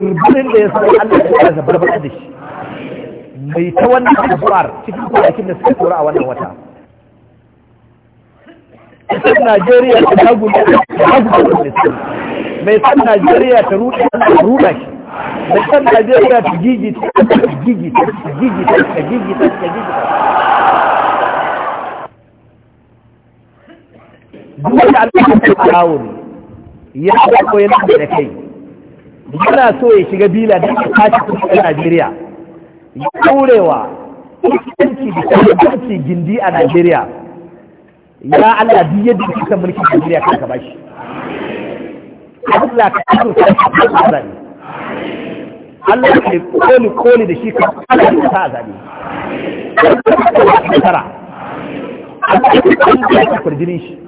turbanin da ya san Allah ya kara Zabar da shi mai ta wannan cikin kwanakin da suka tura a wannan wata ƙasar Najeriya ta hagu da hagu da mai san Najeriya ta ruɗa shi mai san Najeriya ta gigita ta gigita ta gigita ta gigita ta ta duk da Allah ya kawo ne ya yana da kai yana so ya shiga bila da ya tashi kuɗi a Najeriya ya ɗaurewa yanci da kwanci gindi a Najeriya ya Allah duk yadda ya san mulkin Najeriya kan ka bashi Allah ka azurta da shi a zaɓe Allah ka koli koli da shi ka Allah ka sa a Allah ya kwanci da shi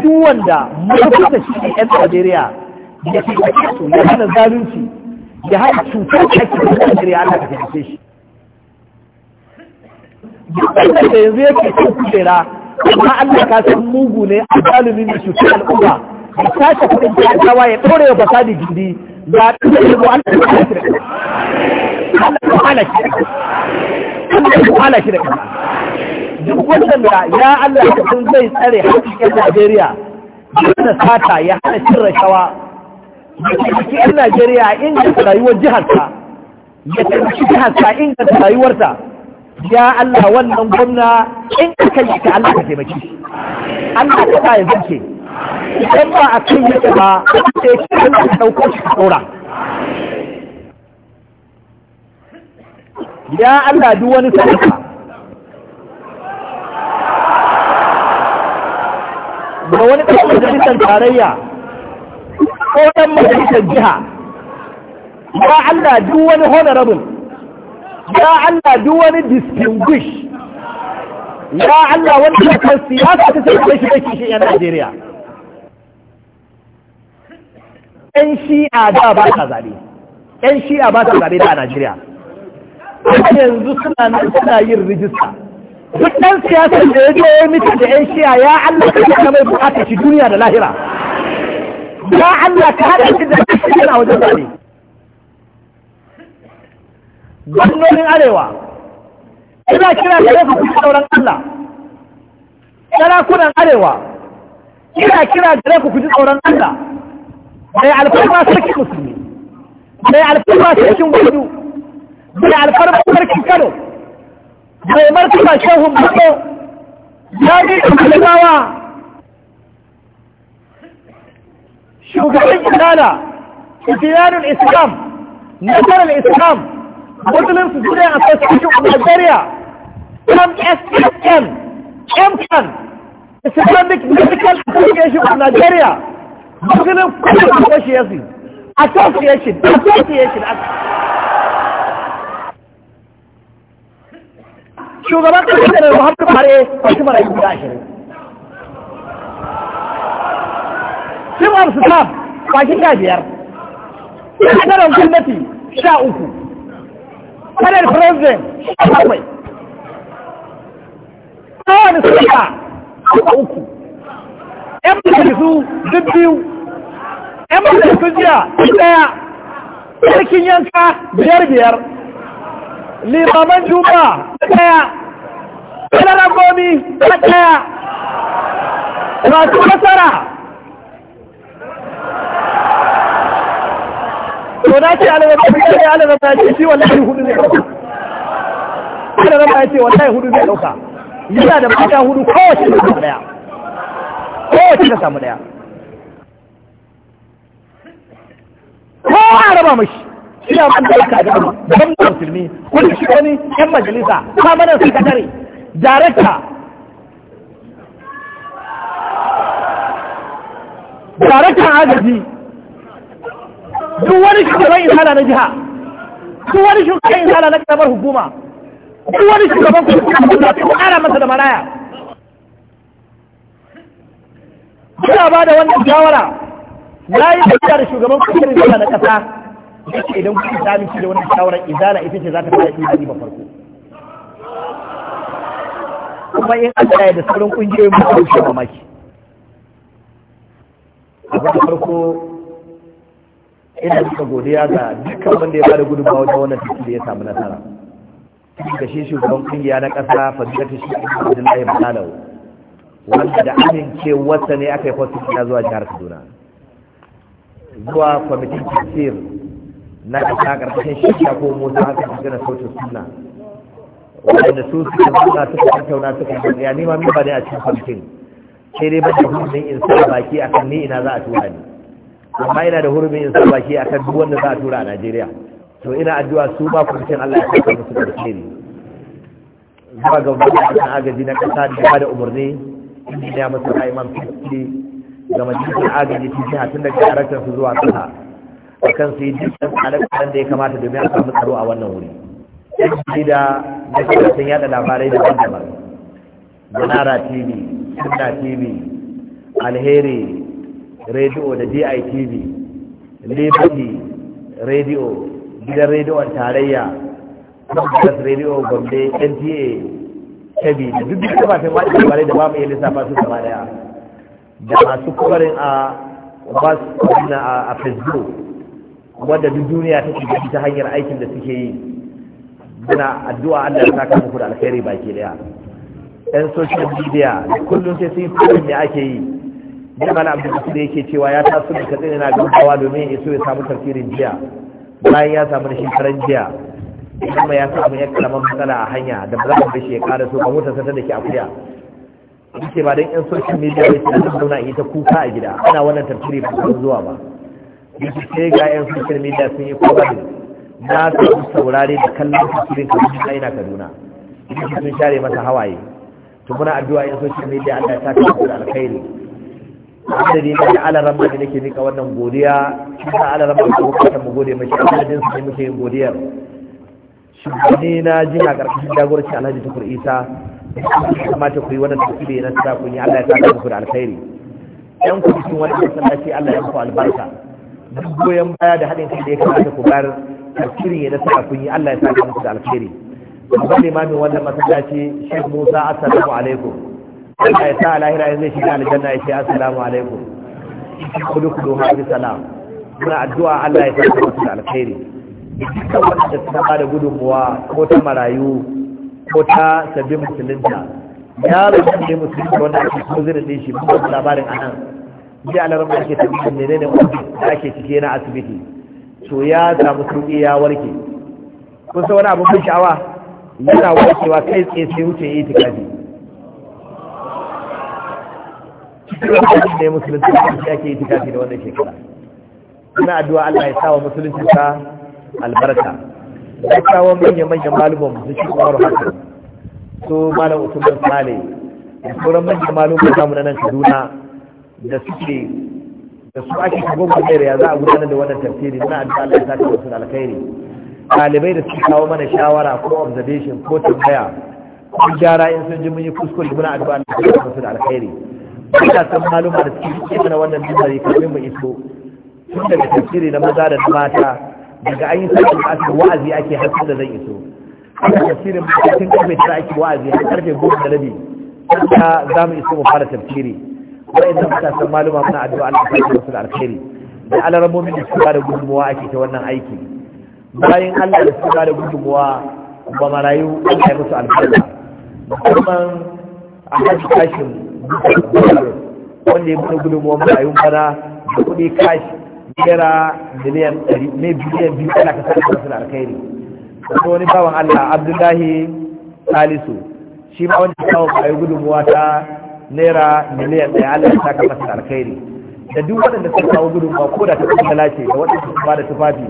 duk wanda mutunta shi ne Najeriya ya fi da su ya hana zalunci ya hana cutar da ake da kare Allah ka tafi shi duk wanda da yanzu yake kan kujera amma Allah ka san mugu ne a zalumin da cutar al'umma ya tashi kudin kyakkyawa ya ɗore wa fasadi gindi za ta yi mu Allah ka hana shi da kai Allah ka hana shi da kai Allah ka hana shi da kai duk wannan da ya Allah sun zai tsare hakikin Najeriya da sata ya hana cin rashawa ya taimaki 'yan Najeriya a inganta rayuwar jiharsa ya taimaki jiharsa inganta rayuwarta ya Allah wannan gwamna in ka kai ka Allah ka taimaki Allah ka sa ya zance idan ba a kai yake ba sai ka kan ka dauko shi ka dora ya Allah duk wani sadaka ga wani ɗan majalisar tarayya ko ɗan majalisar jiha ya Allah duk wani honorable ya Allah duk wani distinguish ya Allah wani kakar siyasa ta sai shi kake shi yan Najeriya ƴan shi'a da ba ta zaɓe ƴan shi'a ba ta zabe da a Najeriya yanzu suna suna yin rijista duk ɗan siyasar da ya je ya mita da ƴan shi'a ya Allah ka mai buƙatar shi duniya da lahira ya Allah ka haɗa shi da yana wajen da zaɓe gwamnonin arewa ina kira gare ku kusa sauran Allah sarakunan arewa ina kira gare ku kuji tsoron Allah mai alfarma sarki musulmi mai alfarma sarkin gudu mai alfarma sarkin kano mai martaba shehun buko ya ji da malabawa شوف حبك أنا إتيان الإسلام نشر الإسلام مظلم في الدنيا أتسكتوا من الدنيا كم كم كم كم إسلام بك بك الحقيقة يشوف من الدنيا مظلم كل شيء يزيد أتسكتوا أتسكتوا أتسكتوا شو غلط كده انا وهبط عليه بس ما راح يجي sim of staff kwaki sha biyar kadarar gwamnati sha uku kadar president sha bakwai kowane suka sha uku yan majalisu duk biyu yan majalisu jiya daya sarkin yanka biyar biyar limaman juba daya kadar gomi daya masu nasara to na ce alama ba ne alama ba ce shi wallahi hudu ne alama ba ce wallahi hudu ne dauka yana da mata hudu kowace da samu daya kowace da samu daya ko a raba mashi ina ban da yaka gaba ban da musulmi wani shi wani yan majalisa ka sakatare darakta darakta agaji duk wani shugaban izala na jiha duk wani shugaban izala na karamar hukuma duk wani shugaban kuma su kara masa da maraya Muna ba da wannan shawara na yi tafiya da shugaban kuma izala na kasa da ce idan kuma ta amince da wannan shawarar izala ita ce za ta fara imani ba farko. Kuma in an ya da sauran kungiyoyin mutum shi mamaki. Abu da farko ina suka godiya ga dukkan wanda ya bada gudunmawa wajen wannan tafi da ya samu nasara ga shi shugaban kungiya na kasa fadilatu shi abdullahi balalau wanda da amincewarsa ne aka yi kwasu kina zuwa jihar kaduna zuwa kwamitin kisir na kasa karkashin shirya ko motsa aka shiga na sautin suna wanda su suka zuwa suka tattauna suka yi ya nima min ba ne a cikin kwamitin sai dai ba da in insa baki akan ni ina za a tura ni amma yana da hurumin yin sabaki akan duk wanda za a tura a Najeriya to ina addu'a su ma cikin Allah ya saka musu alheri zuwa ga wani agaji na kasa da ba da umarni inda ya masu imam fiski ga majalisar agaji ta jiha tun daga harakar su zuwa kasa akan kan su yi dukkan tsare da ya kamata domin a samu tsaro a wannan wuri yanzu da na shiga sun yada labarai da daban-daban manara tv sunna tv alheri rediyo da DITV Liberty rediyo gidan rediyon tarayya Plus rediyo Gombe NTA Kebbi da duk duk kafafen da labarai da ba mu iya lissafa su gaba daya da masu kubarin a wasu a Facebook wadda duk duniya ta shiga ta hanyar aikin da suke yi muna addu'a Allah ya saka muku da alkhairi baki daya ɗan social media kullum sai sun yi da ake yi da Abdullahi abin da yake cewa ya taso da katsin yana gaggawa domin ya so ya samu tafsirin jiya bayan ya samu rashin karan jiya kuma ya samu ya karaman matsala a hanya da ba za ka shi ya kara so ba motar sata da ke akuya ce ba don yan social media ne ta zan zauna ita kuka a gida ana wannan tafsiri ba su zuwa ba ce sai ga yan social media sun yi kokarin na su saurare da kallon tafsirin kamar ina kaduna yake sun share masa hawaye to muna addu'a yan social media Allah ta kawo da alkhairi wanda ne da ala ramar da nake mika wannan godiya shi ta ala ramar da ta mu gode shi adadin su ne muke yin godiyar ne na ji jiha karkashin jagoranci alhaji tukur isa kamata ku yi wannan tafiye na sa kun yi allah ya sa ku da alkhairi yan ku cikin wani masallaci allah ya ku albarka duk goyon baya da haɗin kai da ya kamata ku bayar tafsirin ya sa kun yi allah ya sa ku da alkhairi ma limamin wannan masallaci shi musa assalamu alaikum Allah ya sa alahira lahira zai shiga aljanna ya ce assalamu alaikum kudu kudu ha salam muna addu'a Allah ya sa ta masu alkhairi Ita wanda ta ba da gudunmuwa ko ta marayu ko ta sabbin musulunta ya rubuta ne musulunta wanda ake zina ne shi mun da labarin anan ji a da ake tabbatar ne ne da ake cike na asibiti to ya samu sauƙi ya warke kun san wani mai sha'awa yana warkewa kai tsaye sai wuce tikafi. cikin ne musulunci da ake yi tikafi da wannan shekara ina addu'a Allah ya sa wa musulunci ka albarka ya kawo manya-manyan malumar musu shi umaru haka su malam usman sale da sauran manyan malumar zamu na nan kaduna da suke da su ake shigo gwamnati ya za a gudanar da wannan tafsiri ina addu'a Allah ya sa ka wasu alkhairi ɗalibai da suke kawo mana shawara ko observation ko tambaya ko gyara in sun ji mun yi kuskure muna addu'a Allah ya sa ka wasu alkhairi ina san maluma da suke suke mana wannan bizari kafin mu iso tun daga tafsiri na maza da mata daga an yi sarkin asir wa'azi ake har da zai iso ana tafsirin matakin karfe tara ake wa'azi har karfe goma da rabi ta za mu iso mu fara tafsiri ta matasan maluma muna addu'a Allah ta yi da alkhairi da min da suka da gudunmuwa ake ta wannan aiki bayan Allah da suka da gudunmuwa ba marayu an kai musu albarka musamman a hajji kashin wanda ya bude gudunmuwan marayun bana da kuɗi kashi naira miliyan ɗari ne biliyan biyu ana kasa da wasu alkhairi kuma wani bawan allah abdullahi salisu shi ma wanda ya kawo marayu gudunmuwa ta naira miliyan ɗaya allah ya saka masa alkhairi da duk waɗanda suka kawo gudunmuwa ko da ta kuma ce da waɗanda suka ba da tufafi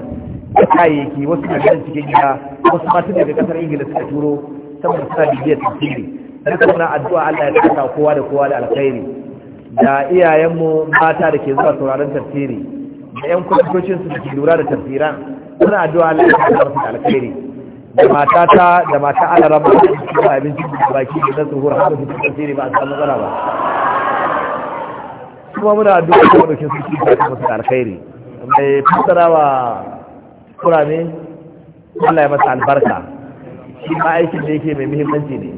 da kayayyaki wasu na daga cikin gida wasu matan daga ƙasar ingila suka turo saboda suna bibiyar tasiri duka muna addu'a Allah ya saka kowa da kowa da alkhairi da iyayenmu mata da ke zuwa sauraron tafsiri da yan kwamitocin su da ke lura da tafsiran muna addu'a Allah ya saka masu da alkhairi da ta da mata Allah rabu da su abinci da baki da nasu hura har da tafsiri ba a samu matsala ba kuma muna addu'a da kwamitocin su da ke musu da alkhairi mai fassara wa kurame Allah ya masa albarka shi ma aikin da yake mai muhimmanci ne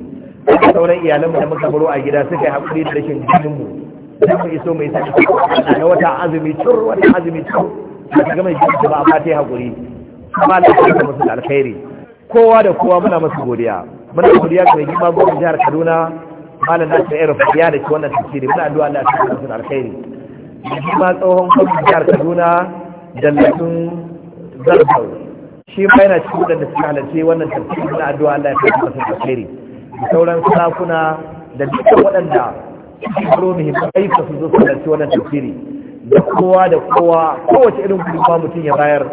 da sauran iyalanmu da muka baro a gida suka yi haƙuri da rashin jininmu da mu iso mai sani na wata azumi tur wata azumi tur da ta gama jininta ba amma ta yi haƙuri amma da ta musu da alkhairi kowa da kowa muna masu godiya muna godiya ga mai girma gwamnati jihar kaduna malam ta ɗaya fadiya da shi wannan tafsiri muna addu'a Allah ta musu da alkhairi mai ma tsohon gwamnati jihar kaduna dallatun zarfau shi ma yana cikin da suka halarci wannan tafsiri muna addu'a Allah ya ta musu da alkhairi da sauran sarakuna da dukkan waɗanda kiro muhimman ayyuka su zo su halarci wannan tafsiri da kowa da kowa kowace irin kuma mutum ya bayar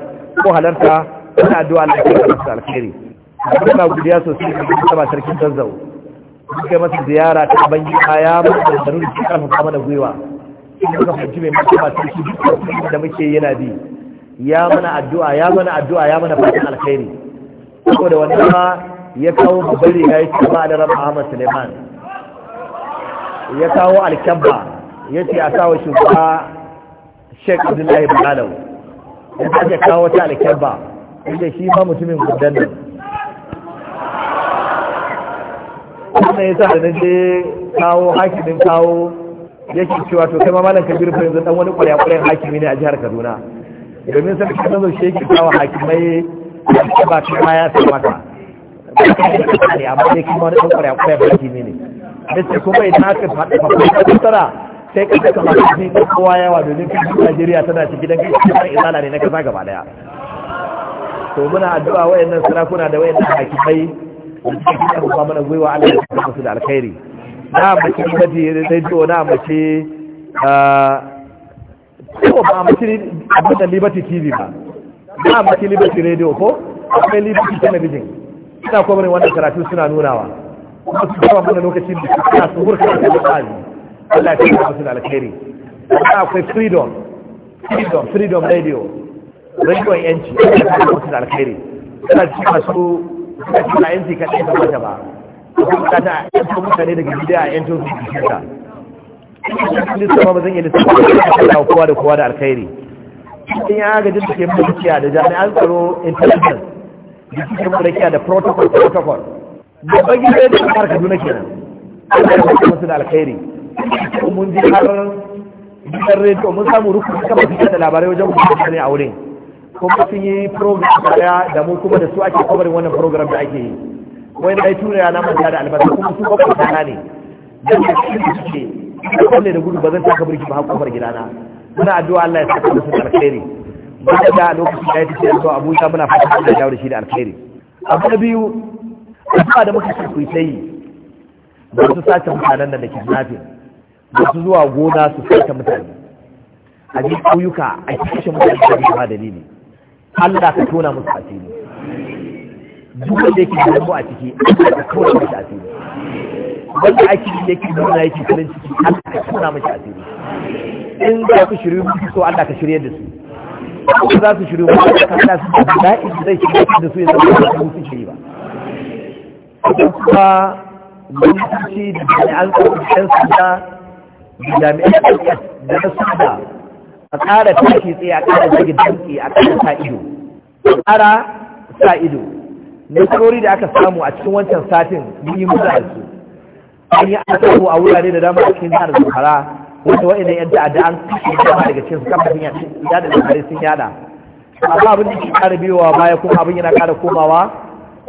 ko halarta suna addu'a Allah da kai masa alkhairi muna gudiya sosai da kuma sama sarkin zazzau muka masa ziyara ta bangi kaya masa da nuna cikin alfa da gwiwa inda ka fahimci mai mutum a sarki da muke yana bi ya mana addu'a ya mana addu'a ya mana fatan alkhairi saboda wannan ya kawo babban riga ya ce ba da raba ahmad suleiman ya kawo alkyabba ya ce a sawa shugaba sheik abdullahi bukalau ya sake kawo ta alkyabba inda shi ma mutumin gudan nan kuma ya sa da na je kawo hakimin kawo yake cewa to kai ma malam kabir fa yanzu dan wani kwarya-kwaryan hakimi ne a jihar kaduna domin sarki kan zo shi yake kawo hakimai ba ta ma ya sa mata ne kuma wani ɗaukar ya kuma baki ne ne da ce kuma idan aka faɗi faɗi tara sai ka saka masu ji da kowa yawa domin kan Najeriya tana ci gidan kan kuma izala ne na kasa gaba daya to muna addu'a wayannan sarakuna da wayannan hakimai da suke da kuma mana gwiwa Allah ya saka musu da alkhairi na mace zai radio na mace ko ba mace abin da Liberty TV ba na mace Liberty Radio ko akwai Liberty Television suna kwamarin wannan karatu suna nunawa kuma su kawo mana lokacin da suna su hurka da alƙali Allah ya taimaka musu da alkhairi sannan akwai freedom freedom freedom radio rediyon yanci Allah ya taimaka musu da alkhairi suna ci masu suna ci na yanci kaɗai da mata ba kuma ta yanci mutane daga gida a yancin su cikin ta lissafa ba zan iya lissafa da kowa da kowa da alkhairi in ya agajin da ke mutuciya da jami'an tsaro intelligence da suke mu rakiya da protocol protocol babban gida da jihar kaduna kenan Allah ya kuma su da alkhairi mun ji har gidan rediyo mun samu rukun kama fitar da labarai wajen kuma ne a wurin kuma sun yi program daya da mu kuma da su ake kabarin wannan program da ake yi wani dai tura ya naman da albarka kuma su bakwai tana ne da su suke da kwalle da gudu ba zan taka birki ba har kofar gidana muna addu'a Allah ya saka musu alkhairi ba da lokacin da ya tafi zuwa abuja muna fata da dawo da shi da alkhairi abu na biyu addu'a da muka shirku ta yi ba su sace mutanen da ke nafin ba su zuwa gona su sace mutane a ji ƙauyuka a kashe mutane da ba dalili Allah ka tona musu asiri duk wanda yake da mu a ciki Allah ka tona musu asiri wanda ake yi yake nuna yake farin ciki Allah ka tona musu asiri in za ku shirye musu so Allah ka shirye da su ko za su shirya wani ka hada su da da'i da zai shirya da su ya zama da su suke yi ba kuma gwamnatoci da jami'an tsaro yan sanda da jami'an tsaro da na sanda a ƙara tashi tsaye a ƙara zage danki a ƙara sa ido a ƙara sa ido nasarori da aka samu a cikin wancan satin mun yi muza da su an yi an samu a wurare da dama a cikin jihar zamfara Wasu wa'ina yan ta'adda an kama dama daga cikin su kamfanin yada labarai sun yada amma abin da ke kara biyowa baya kuma abin yana kara komawa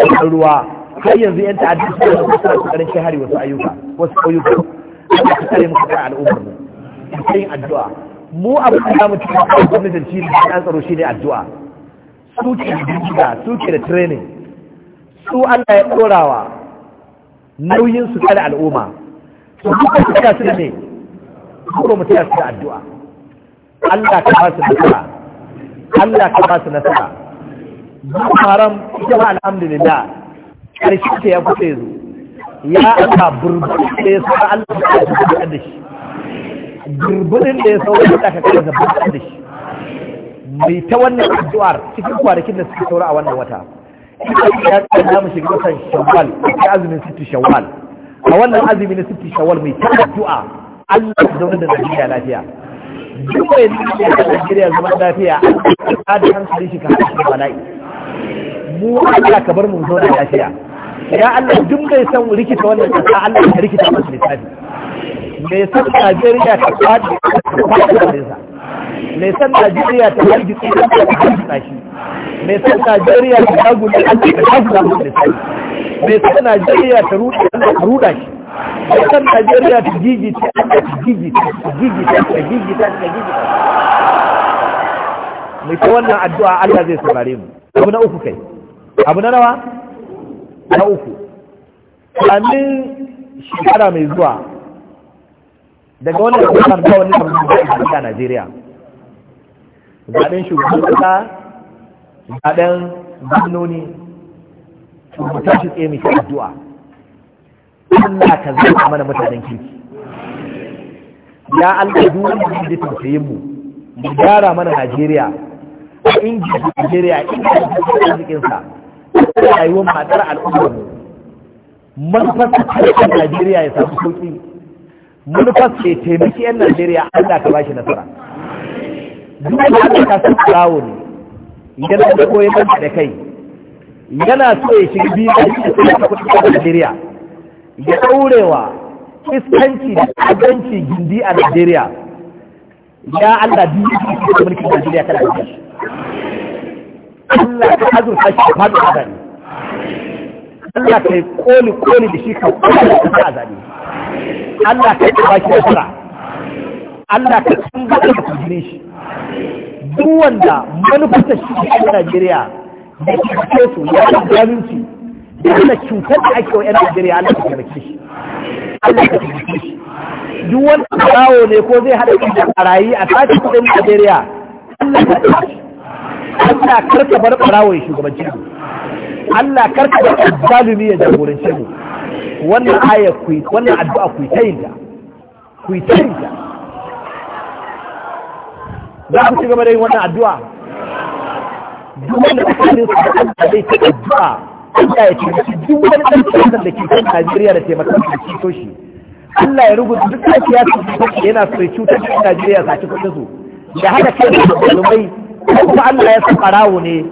a ruwa har yanzu yan ta'adda su da wasu suna kokarin kai hari wasu ayyuka wasu ayyuka da su kare muka kan al'ummar mu sai yin addu'a mu abin da zamu ci kan gwamnatin shi ne an tsaro shi ne addu'a su ke da bincika su ke da training su Allah ya ɗorawa nauyin su kare al'umma su duka su da ne kuro mutum ya addu'a Allah ka ba su nasara Allah ka ba su nasara zuwa haram ita ba alhamdulillah karshe ta ya kusa zo ya Allah burbudin da ya sauka Allah ka zubar da shi burbudin da ya sauka Allah ka kaza zubar da shi mai ta wannan addu'ar cikin kwanakin da suke saura a wannan wata ita ya tsaya mu shiga watan shawal, ya azumin sittu shawal? a wannan azumin sittu shawal mai ta addu'a Allah ya zaune da Najeriya lafiya duk mai nuna da Najeriya zaman lafiya a da hankali shi ka hankali bala'i mu Allah ka bar mu zauna lafiya ya Allah duk mai san rikita wannan kasa Allah ka rikita masu lissafi mai san Najeriya ka faɗi ka faɗi da nesa mai san Najeriya ta hargitsi da ta hargitsa shi mai san Najeriya ta dagula Allah ta ka dagula masu lissafi mai san Najeriya ta ruɗa Allah ka ruɗa shi Kasar Najeriya ta gigita, ta gigita, ta gigita, ta gigita, ta gigita. Mai ta wannan addu'a Allah zai saurare mu. Abu na uku kai. Abu na nawa? Na uku. Kamin shekara mai zuwa daga wannan kasar ba wani kamar da a Najeriya. Zaɓen shugaban kasa, zaɓen gwamnoni, shugaban shi tsaye mai addu'a. Allah ka zama mana mutanen kirki ya Allah duk wanda da tausayin mu mu gyara mana Najeriya a inji Najeriya inda da arzikin sa rayuwar matar al'ummar mu manufar ta Najeriya ya samu sauki manufar ce taimaki 'yan Najeriya Allah ka bashi nasara duk wanda aka kasar kawo ne yana da koyar da kai yana so ya shiga biyu da shi a cikin kudin Najeriya ya ɗaurewa iskanci da aganci gindi a Najeriya ya Allah biyu da ke mulkin Najeriya ta ka shi Allah ka azurta shi ba a zane Allah ka yi koli koli da shi ka koli da ka zane Allah ka yi ba da fara. Allah ka kan gaba da kujirin shi duk shi manufarsa shi a Najeriya da ke su ya yi zaminci dole cutar da ake wa yan Najeriya Allah ya karke shi Allah ya karke shi duk wani bawo ne ko zai hada da barayi a tsakin kudin Najeriya Allah ya karke shi Allah karka bar barawo ya shugabanci mu Allah karka bar zalimi ya jagorance mu wannan aya ku wannan addu'a ku ta yin da ku ta yin da za ku ci gaba da yin wannan addu'a duk wanda kuka yin da Allah zai ta addu'a Allah ya taimaki duk wani ɗan siyasar da ke kan Najeriya da taimakon da cito shi Allah ya rubuta duk ɗan siyasar da yana so ya cutar da Najeriya za sace kuɗin su da haka kai da malamai kuma Allah ya san ɓarawo ne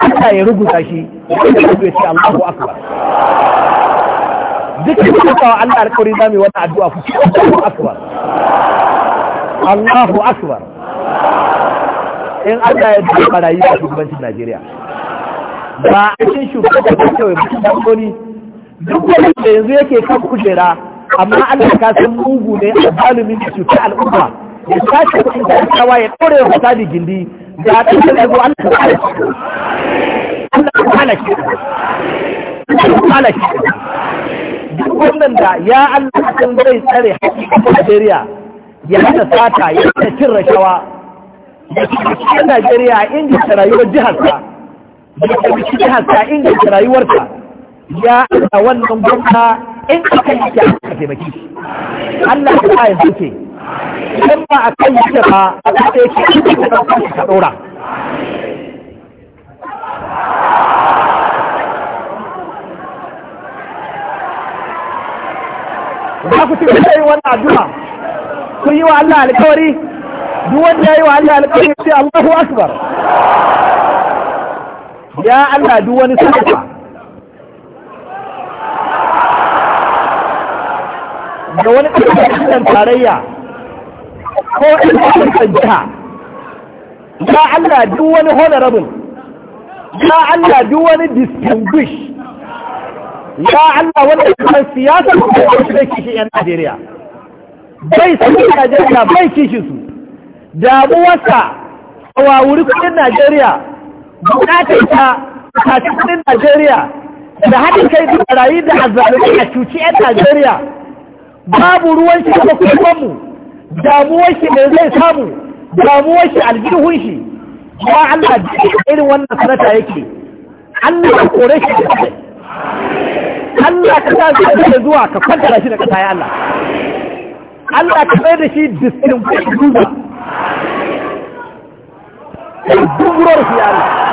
Allah ya rubuta shi ya ce Allahu akbar duk da kawo Allah alƙawari za mu yi wannan addu'a ku Allahu akbar Allahu akbar in Allah ya duba rayu a shugabancin Najeriya ba a cikin shugaba ba kawai ba dangoni duk wani da yanzu yake kan kujera amma Allah ka san mugu ne a zalumin da cuta al'umma ya tashi kuɗin da ya ya ɗore wa Sadi gindi da a ɗan ɗan Allah ka kala duk wannan da ya Allah ka zai tsare haƙƙin Najeriya ya hana sata ya hana cin rashawa ya ci Najeriya a inganta rayuwar jihar sa da kamci jihar ta inganta rayuwarka ya a wannan gwamna in aka ke a aka taimaki Allah ya sa yanzu ke idan ba a kai ya ba a kasa yake ita ta ɗauka ta ɗora za ku cikin da yi wannan addu'a kun yi wa Allah alkawari duk wanda ya yi wa Allah alkawari sai Allahu Akbar ya Allah duk wani sadaka da wani ɗan tarayya ko ɗan jiha ya Allah duk wani honorable ya Allah duk wani distinguish ya Allah wani ɗan siyasa ko ɗan kishi 'yan Najeriya bai su Najeriya bai kishi su damuwarsa a wawuri kudin Najeriya bukata ta tashi kudin Najeriya da haɗin kai da rayu da azzalumi a cuci 'yan Najeriya babu ruwan shi da kusurwanmu damuwar shi ne zai samu damuwar shi aljihun shi ba Allah da irin wannan sanata yake Allah ka kore shi da kai Allah ka sa shi da zuwa ka kwantara shi da kasa ya Allah Allah ka tsaye da shi diskin kuma duba. Duburar shi ya Allah.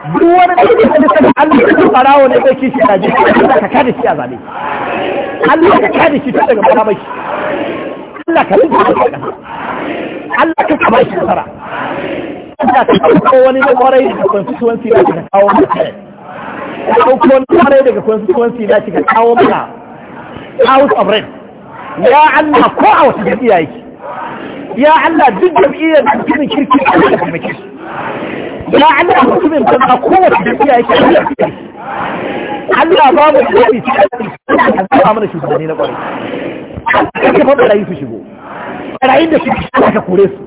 duk wani da ke da Allah ne kai kishi da jiki ka kada shi a zabe Allah ka kada shi tun daga Allah ka rinka Allah ka shi Allah ka kawo wani da kwarai daga da ka kawo ka kawo mana of ya Allah ko a wata yake ya Allah duk jam'iyyar da kirki Allah ka shi ya Allah mutumin kan a kowace tafiya yake Allah Allah ba mu tafi a zuwa mana shugabanni na kwarai kake fa barayi su shigo barayin da su shigo ka kore su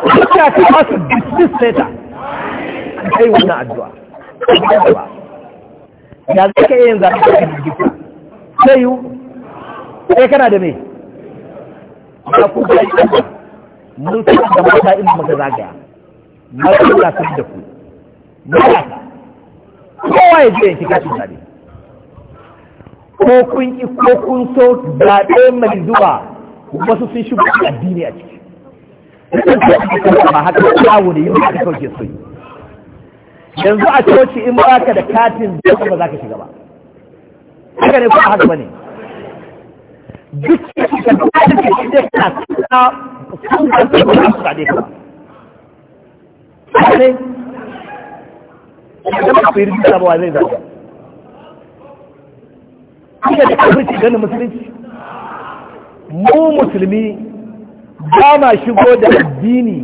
Kuka ta masu business later kai wannan addu'a ya zai ka yin zaɓi da jirgin sai yiwu sai kana da me ya kuka yi mun san da mata in muka zagaya mata ya san da ku mata kowa ya je yanki kashin zabe ko kun ki ko kun so zaɓe mai zuwa wasu sun shigo addini a ciki Idan ka yi kuma ba haka kawo da yi ba ta kauke so yanzu a coci in ba ka da katin da ba za ka shiga ba haka ne ko haka ba ne duk cikin da ake cikin da musulunci mu musulmi ba ma shigo da addini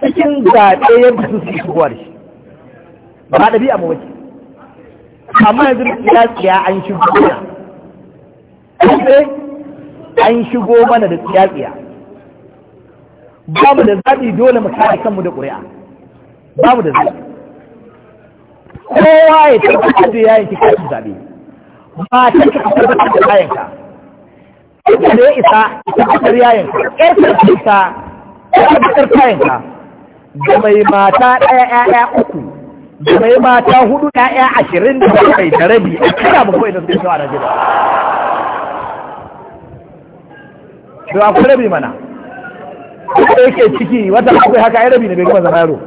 cikin zaɓe yadda su su shigo da shi ba ɗabi'a mu wace amma yanzu ya tsaya an shigo mana an shigo mana da tsaya tsaya babu da zaɓi dole mu kare kanmu da ƙuri'a babu da zaɓi kowa ya tabbatar da yayin kika su zaɓe ba ta ka tabbatar da yayin ka ita da ya isa tabbatar yayin ka ƴar ta isa tabbatar yayin ka da mai mata ɗaya ƴaƴa uku da mai mata hudu ƴaƴa ashirin da bakwai da rabi a kira mu kawai da su yi na jira. Da akwai rabi mana. da yake ciki wata akwai haka ya rabi na bai gama yaro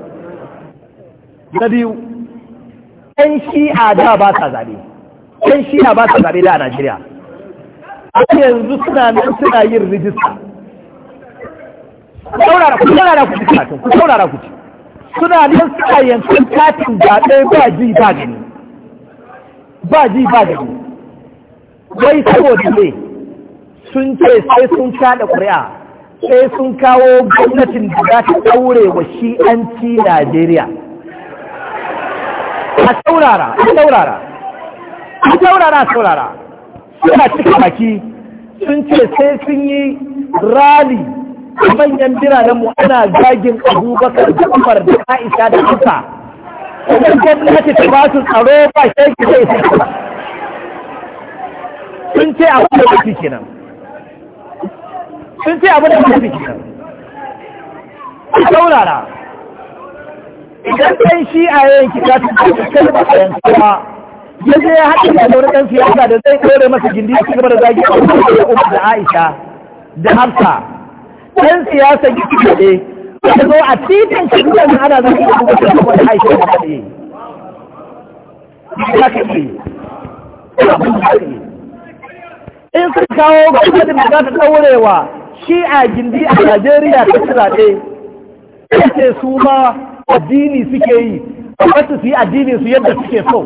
na biyu ɗan shi'a da ba sa zaɓe ɗan shi'a ba sa zaɓe da a najeriya a yanzu suna nan suna yin rijista ku saurara ku ci suna nan suna yankin katin zaɓe ba ji ba gani ba ji ba gani wai saboda ne sun ce sai sun kaɗa ƙuri'a sai sun kawo gwamnatin da za ta ɗaure wa shi'anci Najeriya. A saurara, a saurara, a saurara, a saurara, suna cika baki sun ce sai sun yi rali a manyan mu ana gagin abubakar da umar da aisha da isa. Idan gwamnati ta ba su tsaro ba shi ke sun ce a wani kenan. sun ce abu da ba su ke saurara idan ɗan shi a yayin kika su kai ba a yankuwa ya je ya haɗe da wani ɗan siyasa da zai kore masa gindi su gaba da zagi a wani da umar da aisha da hafsa ɗan siyasa gidi kaɗe ya zo a titin kudin da ana zagi a wani da umar da aisha da kaɗe ya kaɗe in sun kawo gwamnati da za ta ɗaurewa shi a gindi a Najeriya ta ci zaɓe ce su ma addini suke yi ba su yi addini su yadda suke so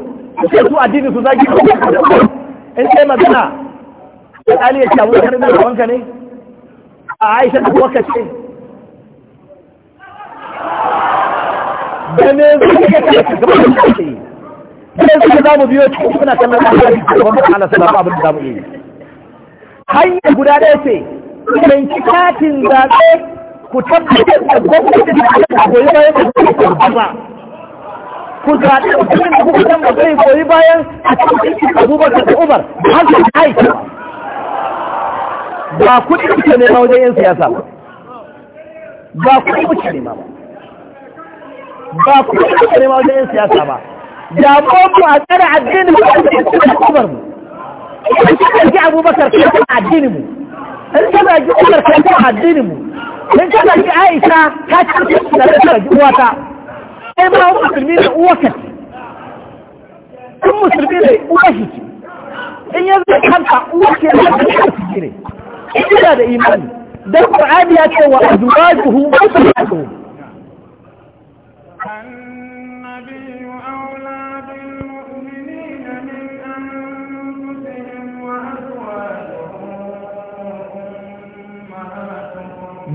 ce su addini su zagi in sai magana Ali ya shawo kan da wanka ne a Aisha da kuwa ce da su suke ka gaba da shi da suke za mu biyo cikin suna kallon da Allah ya ba mu ala abin da za mu yi Hanyar guda ɗaya ce yanki katin zaɓe ku tabbatar da gwamnati da ta goyi bayan da ta ba ku zaɓi mutumin da kuka san ba goyi bayan a cikin cikin abubakar da umar har su aiki ba kuɗi kuke nema wajen yin siyasa ba ba kuɗi kuke nema ba ba kuɗi kuke nema wajen yin siyasa ba da mu a tsara addinin mu a cikin umar mu da ce abubakar kuma addinin mu in ta zagi umar ka ta addini mu in ta zagi aisha ta ci da ka zagi uwata sai ma musulmi da uwaka in musulmi da uwaki in ya zai uwa ke da ta ci in ina da imani don qur'ani ya ce wa azwajuhu ta sahbihi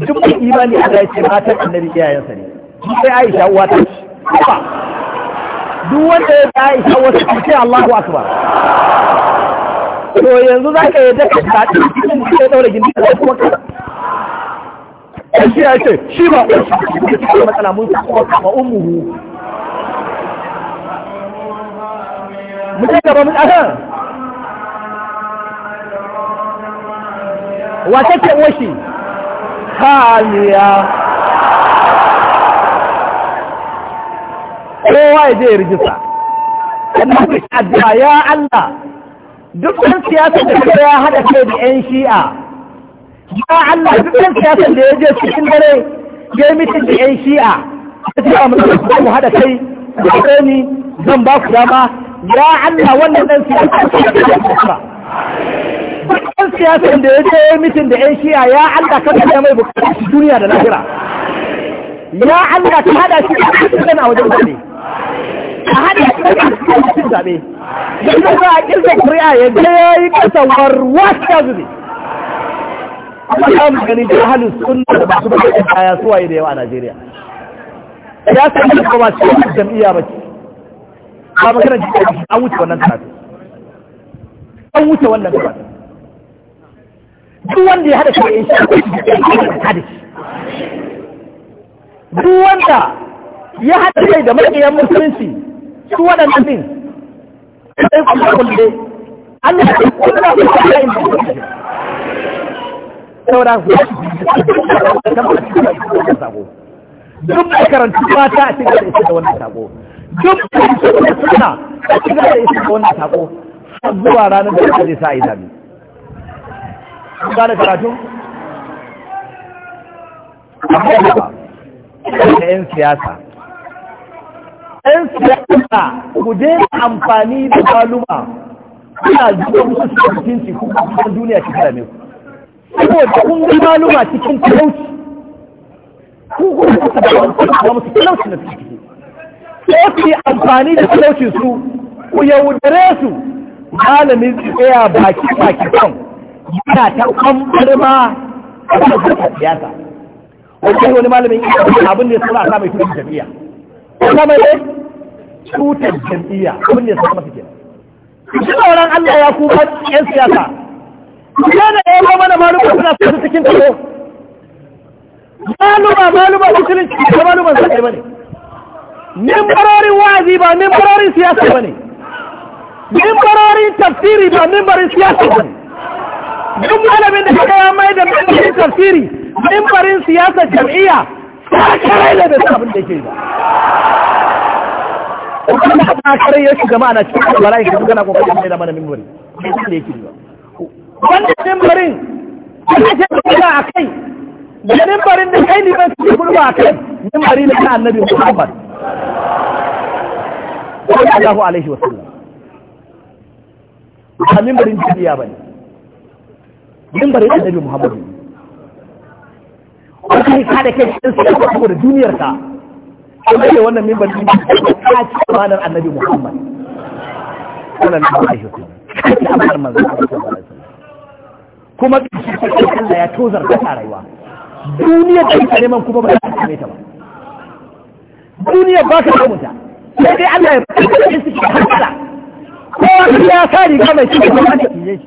duk mai imani Allah ya ce matan annabi iyayensa ne sai Aisha uwa ta ce duk wanda ya ga Aisha wata ta ce Allahu akbar to yanzu za ka yadda ka tafi cikin da ya daura gindi da kuma ka Ashe ya ce shi ba ƙwarshi da ke matsala mun kuma kama umuhu mutum gaba mun ɗaga wace ce shi? khaliya kowa ya je ya rijista annabi addu'a ya Allah duk ɗan siyasa da ya hada kai da 'yan shi'a ya Allah duk ɗan siyasa da ya je cikin dare ya yi mitin da 'yan shi'a ya ce a mu hada kai da ɗaya zan ba ku dama ya Allah wannan ɗan siyasa da ya haɗa kai ɗan siyasan da ya je mitin da yan shiya ya Allah ka kada mai bukatun duniya da lahira ya Allah ka hada shi da a wajen zaɓe a hada shi da cikin zaɓe yadda za a kirga kuri'a ya je ya yi kasa warwas ya zube amma ta magani da halin sunna da masu bakin kaya suwaye da yawa a Najeriya ya san da kuma cikin jam'iyya ba ce ba magana jikin an wuce wannan karatu an wuce wannan karatu duk wanda ya hada shi ya shi duk wanda ya hada kai da makiyan musulunci su waɗannan din sai kuma kulle Allah ya kuma ku ta yin saboda duk da karanta mata a cikin da wannan sako duk da suna a cikin da wannan sako har zuwa ranar da zai sa idanu an gane karatu da 'yan siyasa 'yan siyasa ku daina amfani da maluma suna zuwa musu cikin kuma cikin duniya cikin da ne saboda kun ga maluma cikin talauci ku kuma kuka da wani kuma musu talauci na ciki sai ku yi amfani da talauci su ku yaudare su malamin tsaya baki baki kan yana ta kwamfar a kan harkar siyasa wajen wani malamin iya abin da ya sa mai cutar jam'iyya kuma ne cutar jam'iyya abin da ya sa masu kenan shi sauran Allah ya kuma yan siyasa ya da ya mana maluma suna su cikin taro maluma maluma su cikin da maluman ba kai bane mimbarorin wazi ba mimbarorin siyasa ba bane mimbarorin tafsiri ba mimbarin siyasa ba ne. duk malamin da kaga ya mai da mai tafsiri mimbarin siyasar jam'iyya ta kare da da abin da ke da kuma ta kare ya shiga ma'ana cikin walai ka gana ko kai da mana mimbari da yake da wannan mimbarin ana ce da a kai da mimbarin da kai ne ba su ba a kai mimbari na annabi Muhammad sallallahu alaihi wasallam ba mimbarin jibiya ne. mimbarin annabi muhammadu wani ka da kai sun sai ka saboda duniyar ka an ce wannan mimbarin ka ci amanar annabi muhammad sallallahu alaihi wasallam ka ci amanar manzon Allah sallallahu alaihi wasallam kuma kashi sai Allah ya tozar ka a rayuwa duniyar da kake neman kuma ba za ka same ta ba duniyar ba ka samu ta sai dai Allah ya fara da suke hankala kowa ya sa riga mai cikin wani kije shi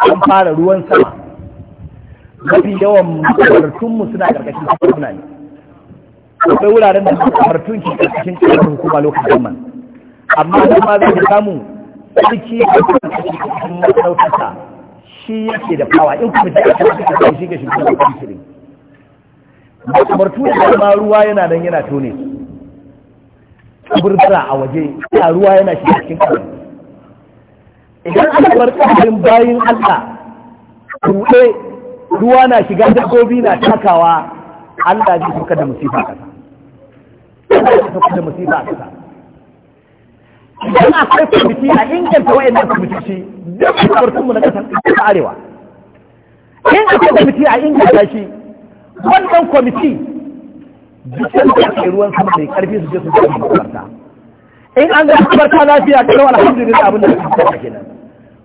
an fara ruwan sama mafi yawan makarantunmu suna ƙarƙashin suna ne akwai wuraren da makarantun ke ƙarƙashin ƙarƙashin hukuma lokacin man amma da ma zai samu ƙarƙi a ƙarƙashin masarautarsa shi yake da fawa in kuma ta ƙarƙashin shi ga shugaban kwamfirin makarantu da ma ruwa yana nan yana tone su burbura a waje ruwa yana shiga cikin ƙarƙashin idan aka bar tsarin bayin Allah buɗe ruwa na shiga dabbobi na takawa Allah zai saukar da musifa a ƙasa Allah zai saukar da musifa a ƙasa idan akwai kwamiti a inganta wayannan kwamitoci duk kwamitinmu na ƙasar arewa in akwai kwamiti a inganta shi wannan kwamiti jikin da ruwan sama mai ƙarfi su je su je su makarta in an ga kabar ta lafiya ta rawar alhamdulillah abin da ta kenan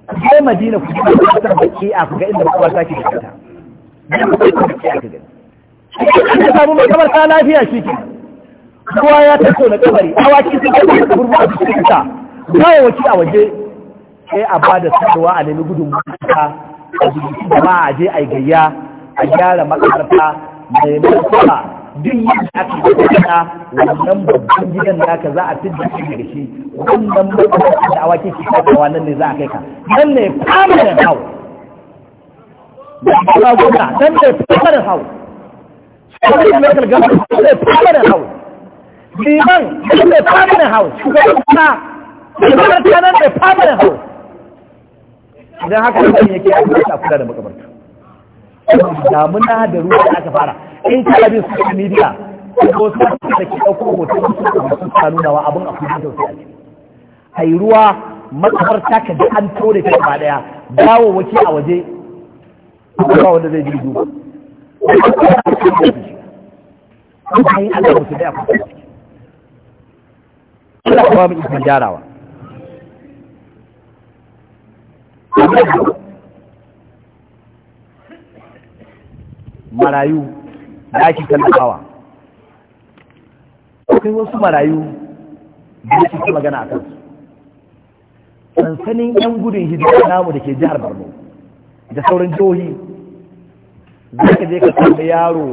ku je madina ku je ta baki a ku ga inda kabar ta ke fita ka samu mai kabar ta lafiya shi ke kowa ya ta na kabari awaki sun kai da burbu a cikin ta kawai waki a waje sai a ba da sadarwa a nemi gudun mutuwa a zuci jama'a a je a gayya a gyara makaranta mai mutuwa duk da aka yi kuma wannan babban gidan aka za a da shi da shi wannan mutane da awaki ke kasawa nan ne za a kai ka nan ne permanent hau ba gona nan ne permanent hau sai da local government nan ne permanent hau liman nan ne permanent hau shugaban kasa shugaban nan ne permanent hau idan haka mutum yake a kula da makabarta damuna da ruwa da aka fara in kana bin social media ko su da ke ɗauko hoton su da su ta nuna wa abin akwai jin tausayi a ciki a yi ruwa matsafarta ka da an tore ta gaba ɗaya dawo wake a waje ba wanda zai ji duba yi Allah mutu da ya kuma Allah kuma mu ikon gyarawa marayu da ake tallafawa akwai wasu marayu da ya ta magana a kansu sansanin 'yan gudun hijira namu da ke jihar borno da sauran jihohi za ka je ka samu yaro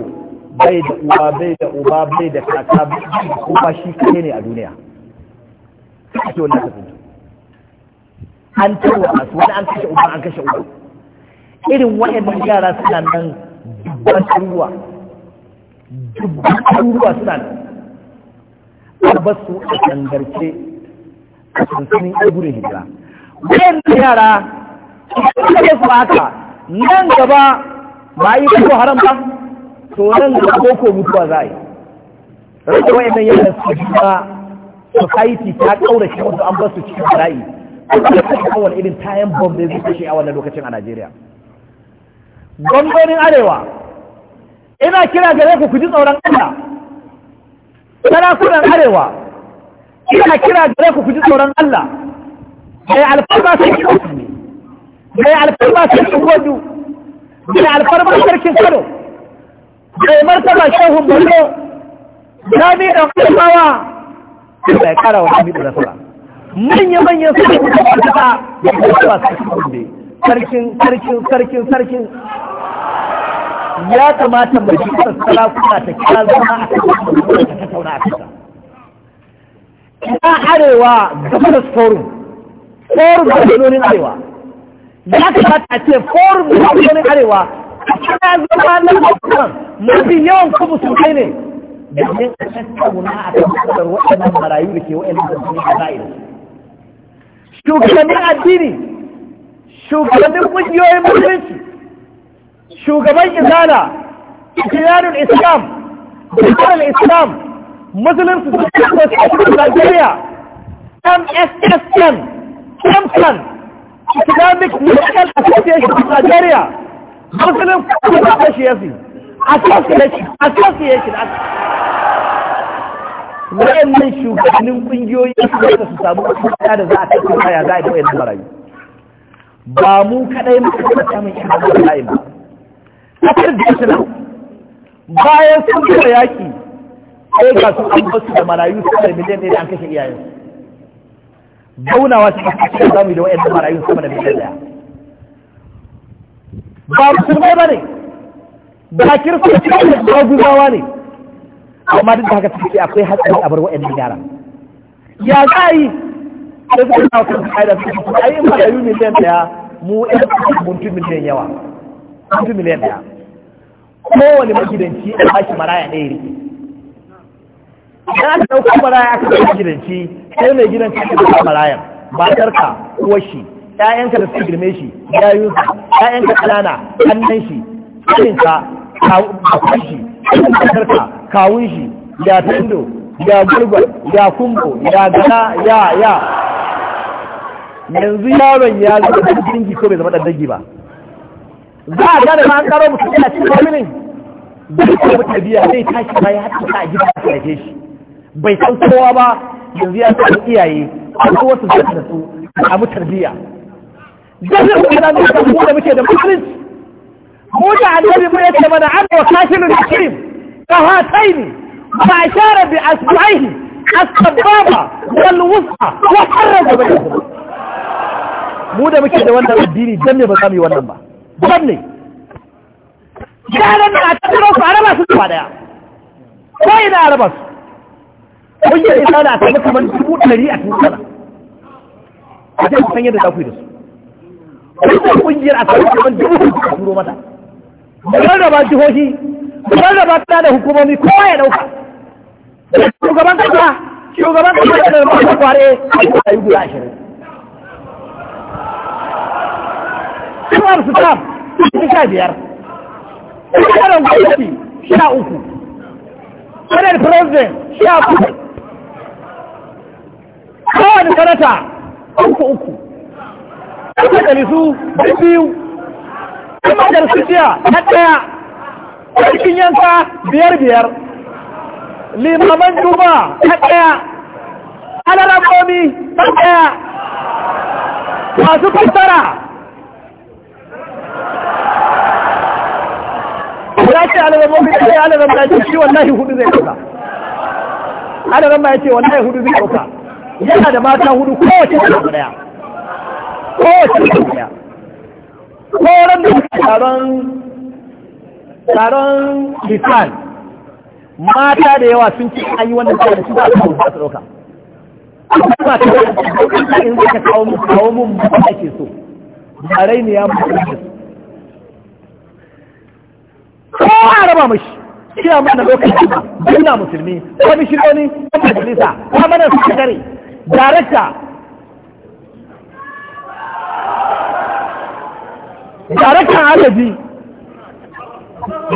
bai da uwa bai da uba bai da kaka bai da kuma shi kai ne a duniya suka ce wannan kasance an tarwa masu wani an kashe uba an kashe uba irin wayannan yara suna nan dubban ruwa dubban abubuwa suna da an ba su a tangarce a sansanin ɗagurin hijira wayan yara suka yi su haka nan gaba ba yi ko haram ba to nan gaba koko mutuwa za a yi rage wayan yaran su ba society ta kaurace wasu an ba su cikin bala'i kuma ta kawai irin tayan bomb da zai shi a wannan lokacin a Najeriya gwamnonin arewa ina kira gare ku ku ji tsoron Allah sarakunan arewa ina kira gare ku ku ji tsoron Allah mai alfarma sai ki mai alfarma sai ki gwaju mai alfarma sarkin Kano mai martaba shehun na jami da kusawa sai kara wa hamidu nasara manyan manyan sarkin da kusa da kusa sarkin sarkin sarkin sarkin ya kamata mu ji ta sarakuna ta kira zama a kan ta tauna a kasa ina arewa game da forum forum da ganonin arewa ya kamata a ce forum da ganonin arewa a kira zama na kwakwan mafi yawan kuma su kai ne domin a wuna a kan kasar waɗannan marayu da ke waɗannan zamfani a za'irin shugabannin addini shugabannin ƙungiyoyin musulunci shugaban izala kirarul islam kirarul islam muslim association nigeria mssn samson islamic medical association of nigeria muslim association association association wa'annan shugabannin kungiyoyi da su samu kuɗa da za a tafi baya za a taɓa yin marayu ba mu kaɗai muka taɓa samun yin marayu ba kasar Vietnam bayan sun gama yaƙi sai ga su an basu da marayu sama da miliyan ɗaya an kashe iyayen gaunawa cikin kashe zamu yi da wa'yan marayu sama da miliyan ɗaya ba musulmai ba ne ba kirsa cikin maguzawa ne amma duk da haka suke akwai hatsari a bar wa'yan yara ya za a yi da suka kawo kan kaida su kuma ayi marayu miliyan ɗaya mu ɗaya mutum miliyan yawa miliyan ɗaya kowane magidanci a bashi maraya ɗaya rike idan aka ɗauko maraya aka ga magidanci sai mai gidan ka maraya ɗauka marayan matarka kuwa shi ƴaƴanka da suka girme shi yayunsa ƴaƴanka ƙanana hannun shi tsarinka kawun shi matarka kawun shi ya tando ya gurgur ya kumbo ya gana ya ya yanzu yaron ya zama dangi ko bai zama dangi ba za a gane ma an karo mutum yana cikin kwaminin bai kuma tabiya zai tashi ba ya haɗa ta a gida ta karfe shi bai san kowa ba yanzu ya san iyaye a ko wasu zai da su a mu tarbiya dan nan kana da kan mu da muke da musulunci mu da annabi mu yace mana an wa kafirun muslim ka hataini fa ashara bi asba'ihi as-sababa wal wusa wa harraja bainahuma mu da muke da wannan addini dan ne ba za mu yi wannan ba dan ne yaran da a tattaro su araba su gaba daya ko ina araba su kungiyar isa da ta kamar dubu ɗari a tutsala a ta kusan yadda za ku yi da su kungiyar kungiyar a ta kamar dubu ɗari a turo mata rarraba jihohi rarraba tana da hukumomi kowa ya ɗauka shugaban kasa shugaban kasa da masu kware a yi guda ashirin shugaban su tam su sha biyar tsarin gwamnati sha uku sanar president sha uku kowane sanata uku uku kuma ɗalisu da biyu kuma darsuciya na ɗaya cikin yanka biyar biyar limaman duba na ɗaya alarabomi na ɗaya masu fassara ya ce alaran mafi da ya alaran ma ce shi wallahi hudu zai ɗauka alaran ma ya ce wallahi hudu zai ɗauka yana da mata hudu kowace da ɗaya, daya kowace ta abu daya koran da taron taron lisan mata da yawa sun ce an yi wannan tsarin su ba su ba su ɗauka ba ta da in zaka kawo mun kawo mun ba ake so ba raini ya mutu da su kowa a raba mashi kina mana lokaci duna musulmi kwamishinoni na majalisa su sakatare darakta darakta alaji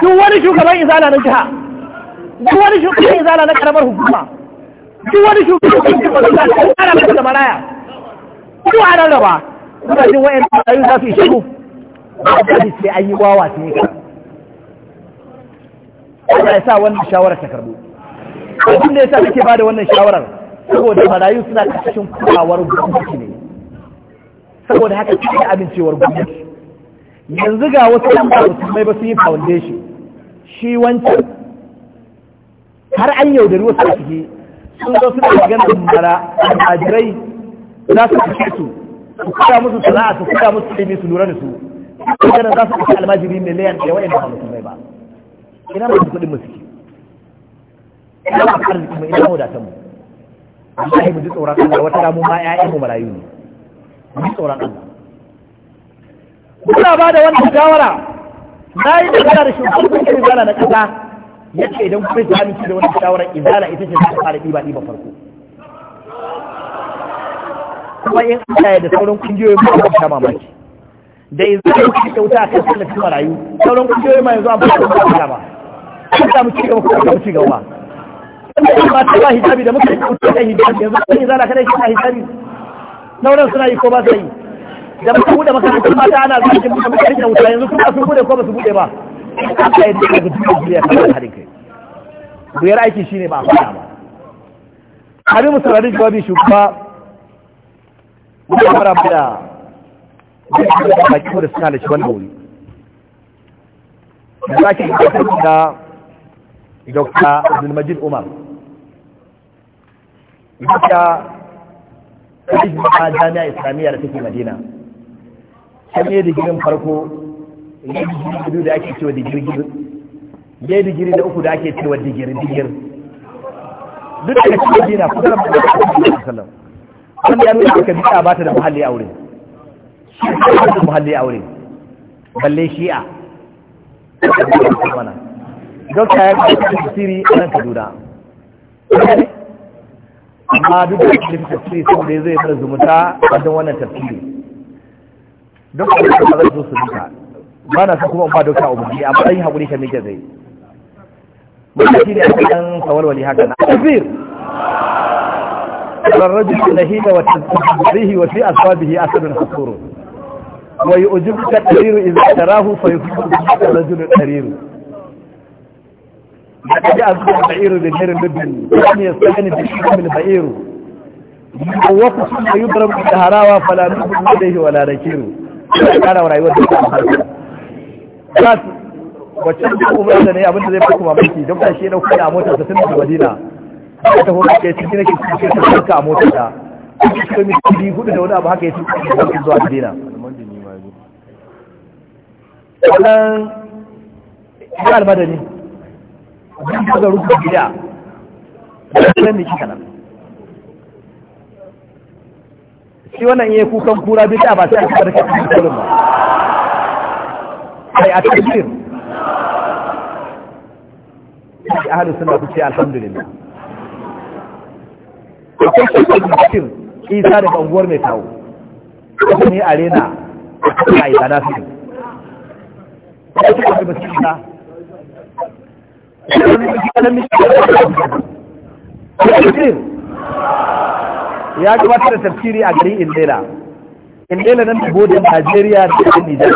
duk wani shugaban izala na jiha duk wani shugaban izala na karamar hukuma duk wani shugaban izala na karamar da maraya duk a rarraba kuma jin wa'in da za su ishe mu? ba a sai an yi wawa su yi Allah ya sa wannan shawarar ta karbo abin da ya sa nake bada wannan shawarar saboda marayu suna kashin kulawar gwamnati ne saboda haka yi amincewar gwamnati yanzu ga wasu yan ba mai ba su yi foundation shi wancan har an yaudari wasu a ciki sun zo suna da mara almajirai za su kashe su su kuka musu sana'a su kuka musu ilimi su lura da su kuka za su kashe almajiri miliyan da yawa inda ba musulmai ba ina masu kuɗin musu ina ba arziki mu ina wadatan mu wallahi mu ji tsoron Allah wata ramu ma ya mu marayu ne mu ji tsoron Allah muna ba da wannan shawara na yi magana da shugaban kuma zala na ƙasa ya idan kuma ji amince da wannan shawara izala ita ce za ta fara ɗiba ɗiba farko kuma in Allah ya da sauran kungiyoyin ba ba ta mamaki da izala ku kyauta a kan tallafin marayu sauran kungiyoyin ma yanzu an fara ba an mu cigaba gaba ko an samu ci gaba ba ta ba hijabi da muka yi kuta da hijabi yanzu sun yi zana kada shi a hijabi sauran suna yi ko ba su yi da muka buɗe makarantar mata ana zuwa cikin muka muka rike wuta yanzu kuma sun buɗe ko ba su buɗe ba an ka yadda daga duniya duniya kamar da haɗin kai buyar aiki shine ba a faɗa ba abin musarari jawabi shugaba wani mara bada baki da suna da shi wani wuri da za ki da dr abdulmajid umar dr ajiyar jami'a islamiyya da take madina shi yi digirin farko yi digiri biyu da ake cewa digirgir yi digiri da uku da ake cewa digir duk daga cikin madina kusurar madina sallam wanda ya nuna aka bida ba ta da muhalli aure shi ne da muhalli aure balle shi'a mana Dokta ya fi da tasiri a nan Kaduna. amma duk da cikin tasiri sun da zai fara zumuta a don wannan tafsiri don kuma da kuma zai zo su duka ba na san kuma ba dokta a umarni amma an yi haƙuri kan nike zai mataki ne a cikin kawalwali haka na azir rarrabi da hila wata zuhi wa fi asabihi asabin hasuru wai ujubta dariru idan tarahu fa yufu bi dariru لقد أصبح بعير بغير لبن لم يستغن بشيء من بعير ووقت da يضرب الدهراوة فلا نقبل عليه ولا نكير قال ورأيوة بس waccan duk umar da ne abinda zai kuma mamaki don kashi ya dauka a motar ta tunan madina ta taho ya cikin nake cikin ta a motar ta cikin kilomita biyu hudu da wani abu haka ya cikin ta zuwa madina wannan ya almadani abin da rufe gida da ne shi kanan shi wannan iya kukan kura bi ta ba sai a kasar ka cikin kulun ba sai a tafsir shi ahalin suna ku ce alhamdulillah akwai shakar tafsir isa da unguwar mai tawo kuma ne arena a kasar a yi tana su ne ba su kasar ba su ya gabatar da tafsiri a garin indela indela nan tabo najeriya da yan nijar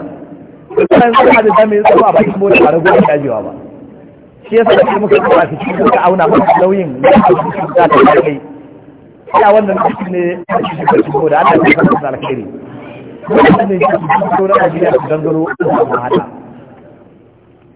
kusan suna da jami'in tsaro a bakin mota a rago da yajewa ba shi yasa da muka yi a cikin duka auna masa nauyin da a cikin da ta kai ya wannan cikin ne a cikin da cikin da ana cikin da alkhairi wannan ne cikin da a gida su gangaro a mahada